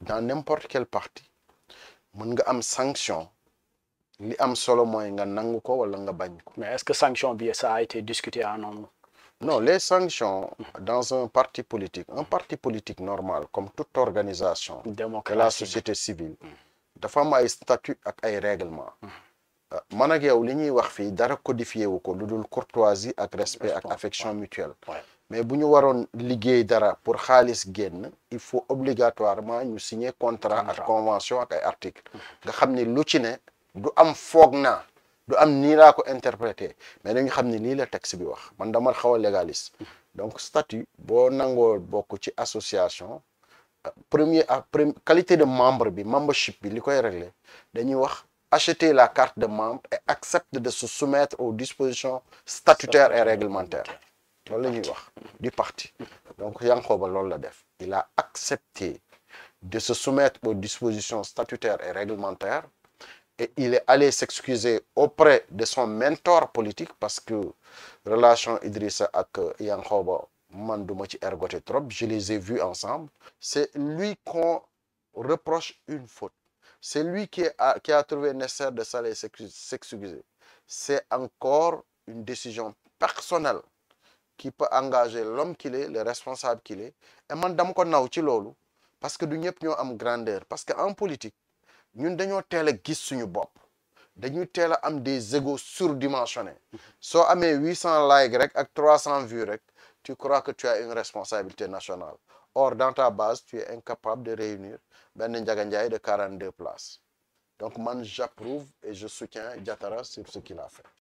dans n'importe quel parti mën nga am sanction li am solo mooy nga ou ko wala nga ko. mais est-ce que sanction sanctions ça a été discuté en nombre. non les sanctions dans un parti politique un parti politique normal comme toute organisation. de la société civile. dafa à un statut et un règlement. Euh, man ak yow li choses wax fii dara codifié wu ko courtoisie ak respect ak affection mutuelle mais si nous waroon liggéey dara pour xaalis génn il faut obligatoirement ñu signer contrat une convention ak ay article nga xam ni lu ci ne du am nous naa du am nii ko interpréter. mais nous avons ni lii la texte bi wax man dama xaw légaliste donc statut si nous avons une association la ah, qualité de membre le « membership bi li koy dañuy acheter la carte de membre et accepte de se soumettre aux dispositions statutaires et réglementaires du parti donc il a accepté de se soumettre aux dispositions statutaires et réglementaires et il est allé s'excuser auprès de son mentor politique parce que relation Idrissa avec Yankoba, Ergote trop je les ai vus ensemble c'est lui qu'on reproche une faute c'est lui qui a, qui a trouvé nécessaire de s'aller s'excuser c'est encore une décision personnelle qui peut engager l'homme qu'il est le responsable qu'il est et man je ko naw ci parce que nous avons ñoo am grandeur parce qu'en politique nous avons tel suñu nous dañu am des égos surdimensionnés Si tu as 800 like rek 300 300 vues tu crois que tu as une responsabilité nationale or dans ta base tu es incapable de réunir ben Ndiaga de 42 places donc moi, j'approuve et je soutiens Diatara sur ce qu'il a fait